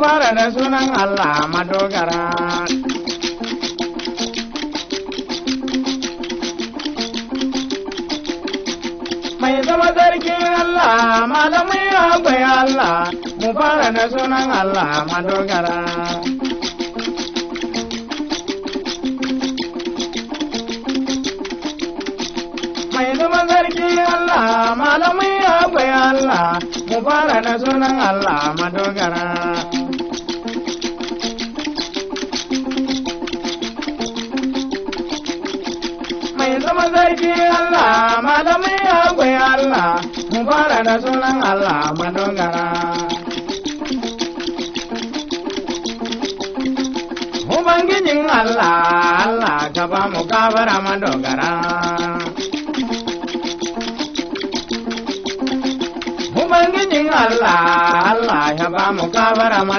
fara da sunan Allah madogara. Mai zama sarkin Allah, malamai akwai Allah, mu fara da sunan Allah madogara. Mai zama Allah, malamai akwai Allah, mu fara da sunan Allah madogara. Allah, mu fara da sunan Allah mu dogara. Ubangijin Allah, Allah ka ba mu gabara mu Ubangijin Allah, Allah ya ba mu gabara mu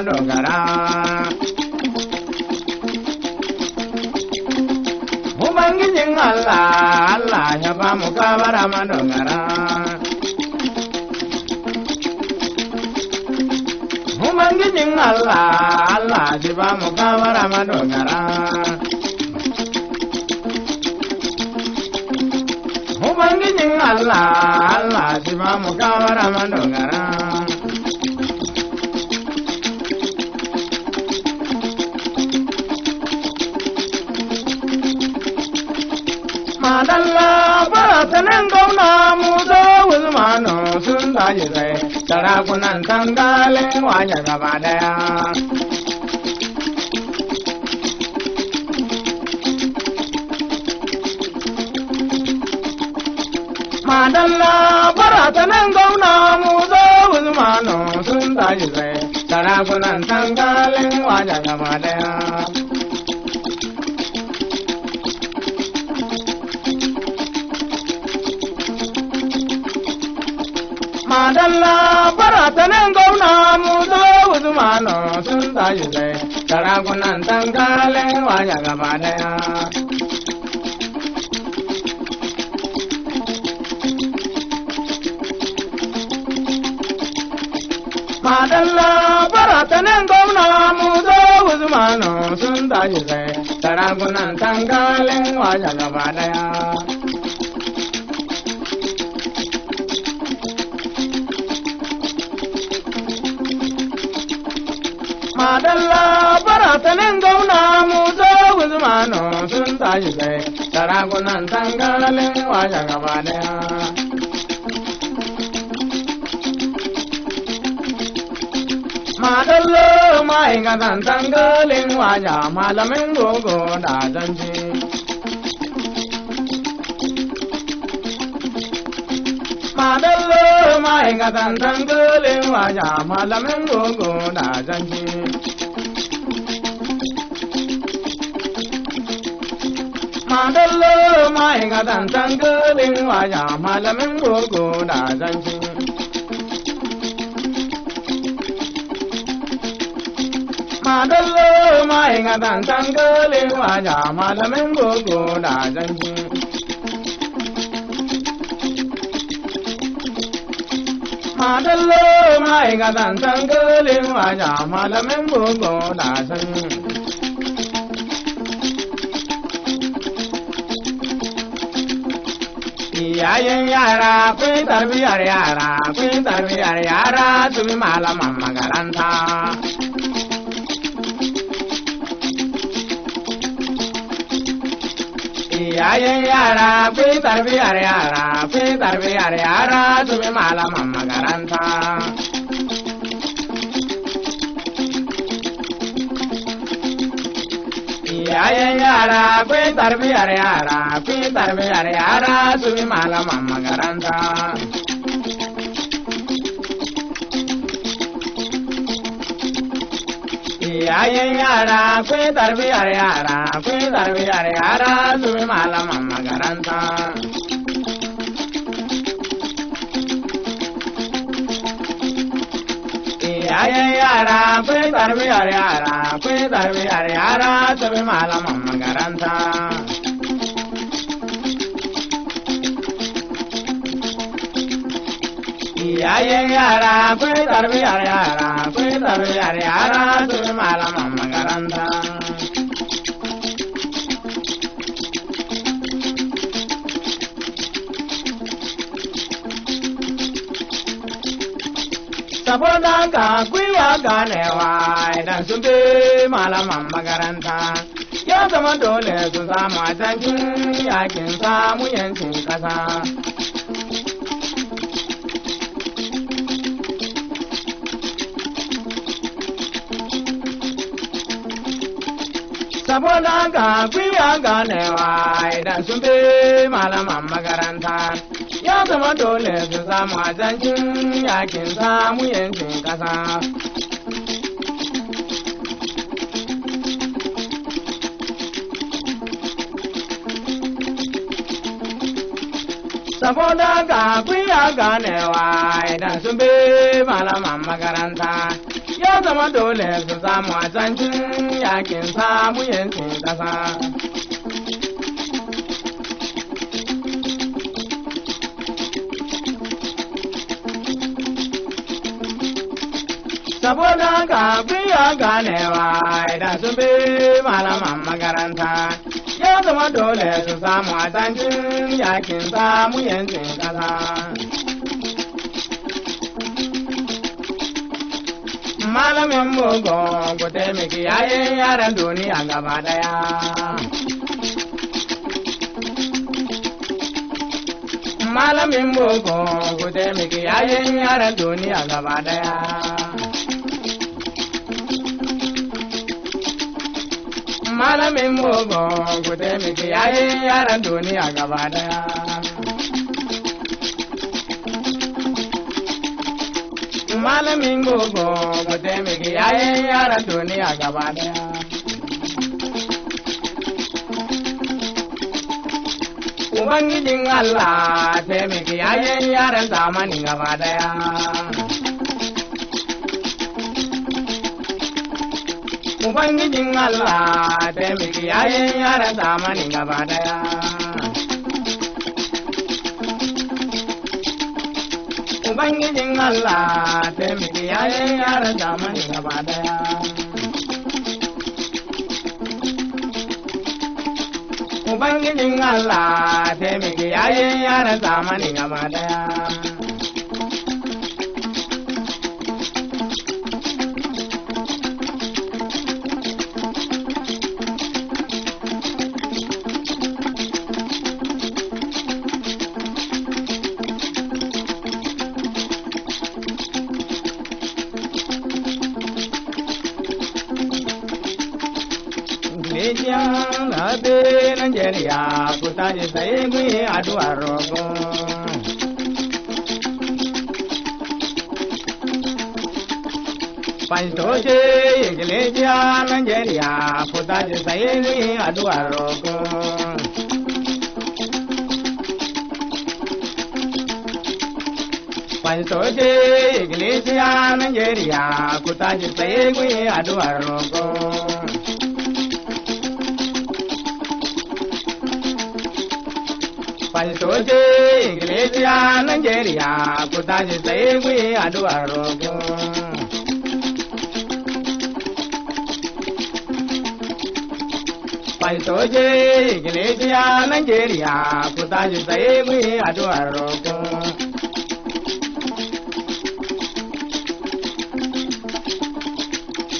Ubangijin Allah, Allah ya ba mu kawara madogara. Ubangijin Allah, Allah ya ba mu kawara madogara. Ubangijin Allah, Allah ya ba mu kawara madogara. dalla farasanin gauna mu zo wulmanu sun tashi sai sarakunan tangalin wanya gaba daya madalla farasanin gauna mu zo wulmanu sun tashi sai sarakunan tangalin wanya gaba daya Madala baratanen gauna do uzmano uzumano sun tayi lai sarakunan tangalin waya gaba daya. Madalla baratanen gauna mu zo uzumano sun tayi madalla nan gauna musa guzmano sun tashi sai sarakunan tangalin washe gaba daya madalla ma'aikatan tangalin waya malamin gogo da zanci madallo ma inga tantan gulin waya malamin gogo na zanji madallo ma inga tantan gulin waya malamin gogo na zanji madallo ma inga tantan gulin waya malamin gogo na zanji madallo mai ga zantan galin waja malamin bugu da san Iyayen yara kun tarbiyar yara kun tarbiyar yara tumi malaman makaranta. iyayen yara fi yi tarbiyar yara ku tarbiyar yara su malaman makaranta iyayen yara ku yi tarbiyar yara fi yi tarbiyar yara su malaman makaranta iyayen yara ku tarbiyar yara ku tarbiyar yara su malaman makaranta iyayen yara ku tarbiyar yara ku tarbiyar yara su malaman makaranta yayin yara akwai tarbiyar yara tafiyar yara su malaman makaranta. Saboda ka gwiwa ganewa idan sun bi malaman makaranta. Ya zama dole su samu a yakin samu yancin ƙasa. bolan ka gwiwa ganewa idan sun fi malaman makaranta ya zama dole su samu ajancin yakin samu yankin kasa saboda ga gwiwa wa? idan sun bi malaman makaranta zama dole su samu a canjin yakin samu yankin kasa. Saboda ka biya ganewa idan sun bi malaman makaranta ya zama dole su samu a canjin yakin samu yankin kasa. malamin mugun ku taimaki yayin yaran duniya gaba daya. Malamin mugun ku taimaki yayin yaran duniya gaba daya. Malamin mugun ku taimaki yayin yaran duniya gaba daya. malamin gogo mu taimaki yayin yaran duniya gaba daya. Ubangijin Allah taimaki yayin yaran zamani gaba daya. Ubangijin Allah taimaki yayin yaran zamani gaba daya. Ubangijin Allah taimaki yayin yaran zamani gaba daya. Ubangijin Allah taimaki yayin yaran zamani gaba daya. Nijiyang abe Nigeria kuta di sai mui adu arogo. Pantoje Iglesia Nigeria kuta di sai mui adu arogo. Pantoje Iglesia Nigeria kuta di sai mui adu arogo. mai soje iglesia nigeria ku tashi tsaye ku yi addu'ar soje iglesia nigeria ku tashi tsaye ku yi addu'ar roƙo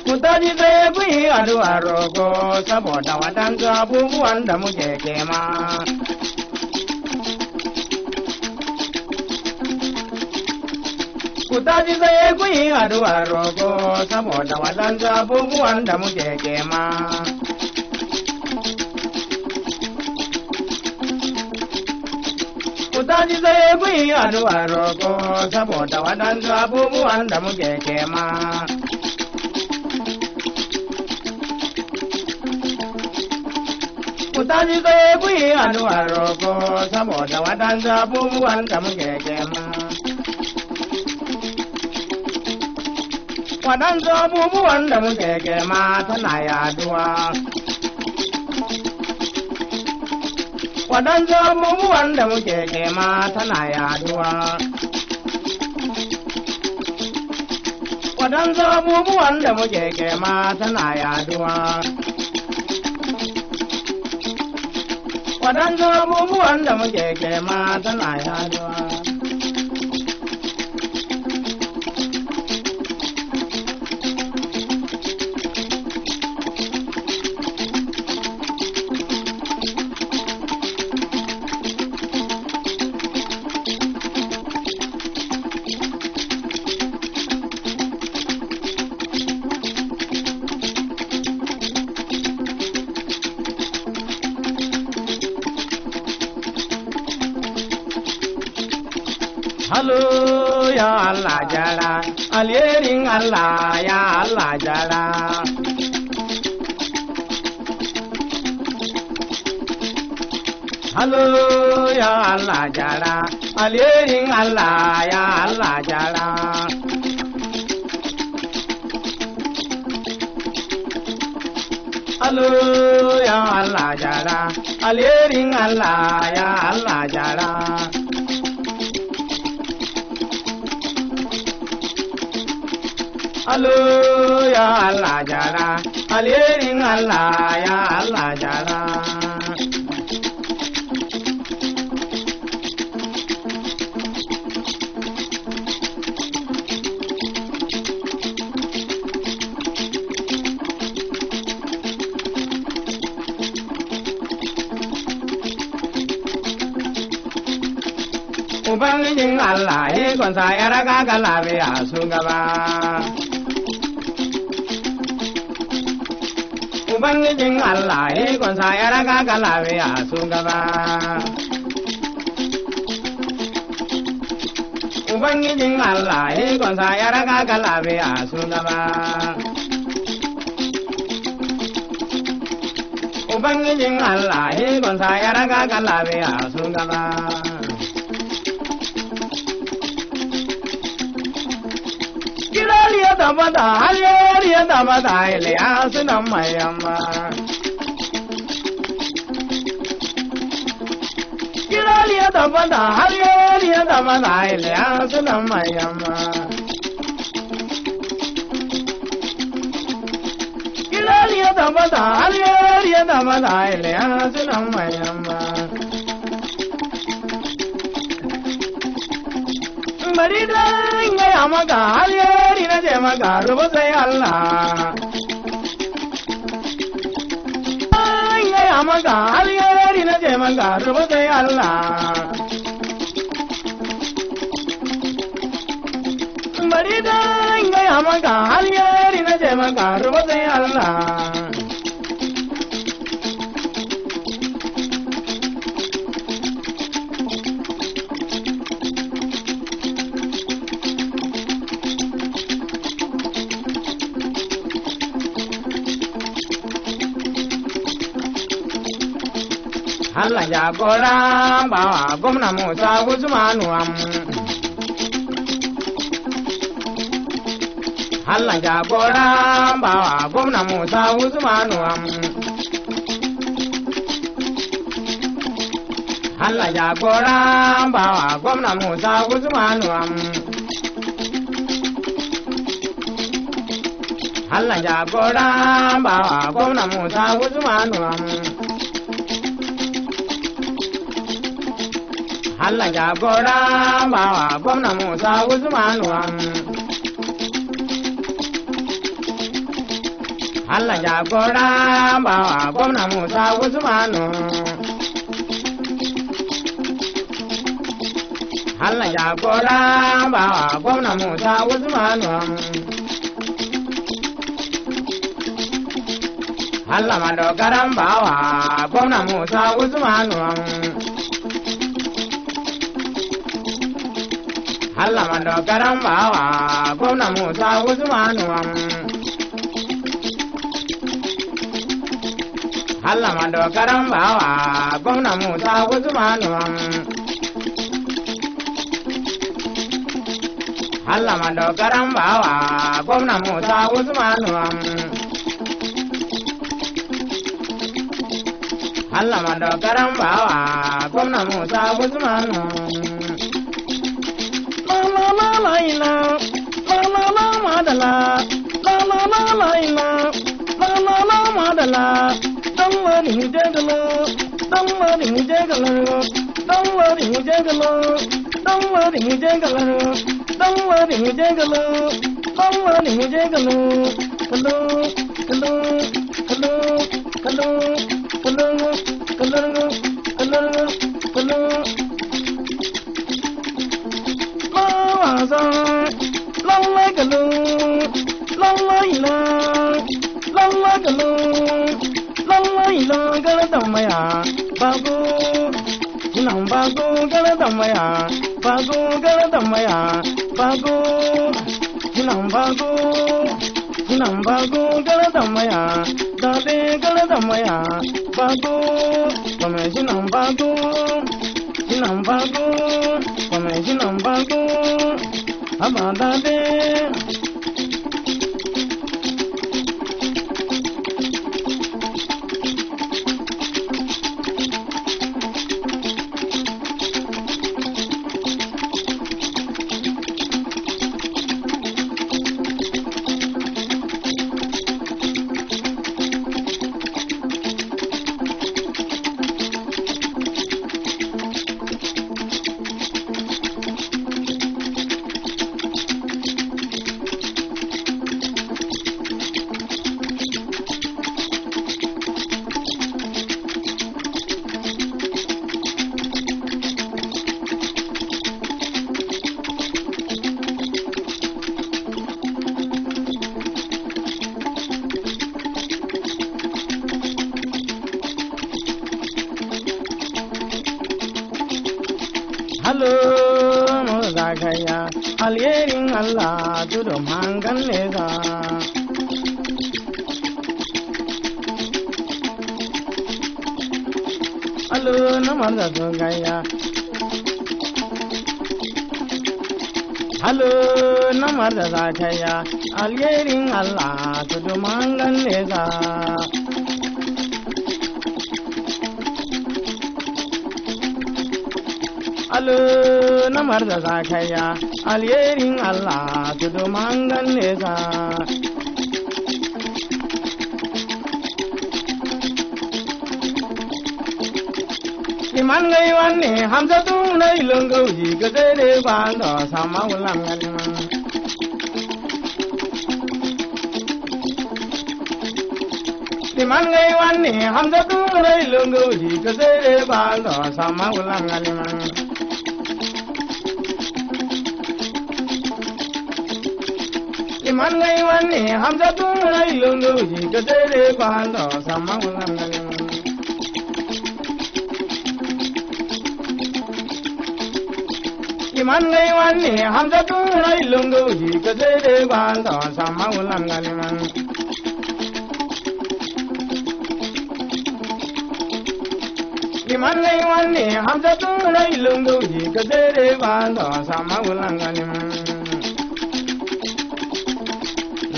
Kutaji zai bi addu'ar roƙo saboda waɗansu abubuwan da muke kema. Ku tashi kuyi ku yi saboda waɗansu abubuwan da muke kema. Ku tashi kuyi ku yi saboda waɗansu abubuwan da muke kema. Ku tashi kuyi ku yi saboda waɗansu abubuwan da muke kema. waɗansu abubuwan da muke gema tana yaduwa. Waɗansu abubuwan da muke gema tana yaduwa. Waɗansu abubuwan da muke gema tana yaduwa. Waɗansu abubuwan da muke gema tana yaduwa. Halo ya Allah jara, alherin Allah ya Allah jara. Halo ya Allah jara, alherin Allah ya Allah jara. Halo ya Allah jara, alherin Allah ya Allah jara. 啊喽呀，阿拉加啦，阿里英阿拉呀，阿拉加啦。乌邦英阿拉，伊个啥伊拉嘎个拉维亚苏噶吧。Ubangijin Allah ikonsa eh, ya raka ka lafiya su gaba. Ubangijin Allah ikonsa eh, ya raka ka lafiya su gaba. Ubangijin Allah ikonsa eh, ya raka ka lafiya su gaba. 么大哟，你那么大俩是那么样嘛？你那里那么大哟，你那么大俩是那么样嘛？你那里那么大哟，你那么大俩是那么样嘛？ಮರಿದ ಹಿಂಗ ಯಮಗಾರ್ಯ ce maka rubuta Allah. Yaya maka har yari na ce maka rubuta Allah. Bari da yaya maka har yari na ce maka sai Allah. Allah jagora bawa gwamna Musa Usmanu am. Allah jagora bawa gwamna Musa Usmanu am. Allah jagora bawa gwamna Musa Usmanu jagora bawa gwamna Musa Allah jagora bawa gwamna Musa Usmanu Allah jagora bawa gwamna Musa Usmanu Allah jagora bawa gwamna Musa Usmanu Allah madogaran bawa gwamna Musa Usmanu Allah mando garan bawa gwamna Musa Usmanu am Allah mando garan bawa gwamna Musa Usmanu am Allah mando garan bawa gwamna Musa Usmanu am Allah mando garan bawa gwamna Musa Usmanu am madala la la la la la la la la madala dan ma ni jagalo dan ma ni jagalo dan ma ni jagalo dan ma ni jagalo dan ma ni jagalo dan ma ni jagalo hello hello hello hello hello hello hello hello la la la la 巴古，啷啷一啷，噶拉怎么样？巴古，一啷巴古，噶拉怎么样？巴古，噶拉怎么样？巴古，一啷巴古，一啷巴古，噶拉怎么样？大爹，怎么我们一啷巴古，一啷巴古，我们一啷巴古，阿妈大爹。halo mu zagaya alherin Allah tudu hangan leza. Halo na marza zagaya Halo na marza zagaya alherin Allah tudu hangan leza. halu na marza zakaya alherin Allah tudu mangan nesa. Iman gai wanne hamza tuna ilon gauji gazere bando sama wulan galima. man ngai wanni hamza dum rai lungu ji ka sai ba lo sama wulan aliman imanai wani hamza tunai lulu jika tere pando sama ulangan imanai wani hamza tunai sa ma tere pando sama ulangan man ham sa tu ni imanai wani hamza tunai lulu jika tere pando sama ulangan man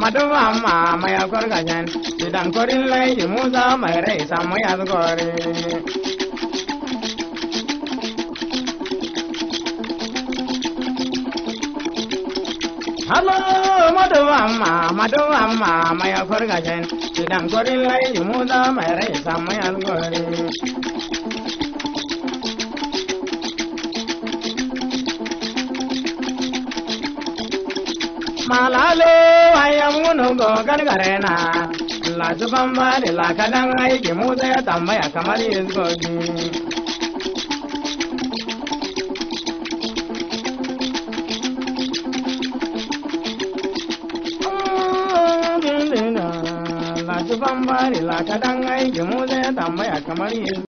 madu mama maya kor gajan sidan korin lai muza mayre samu ya gori Hello, madu mama madu mama maya kor gajan sidan korin lai muza mayre samu ya gori malalo hayan wunun gogar garena la zuban ba da la kadan aiki mu zai tambaya kamar yanzu zuban bari la kadan aiki mu zai tambaya kamar yanzu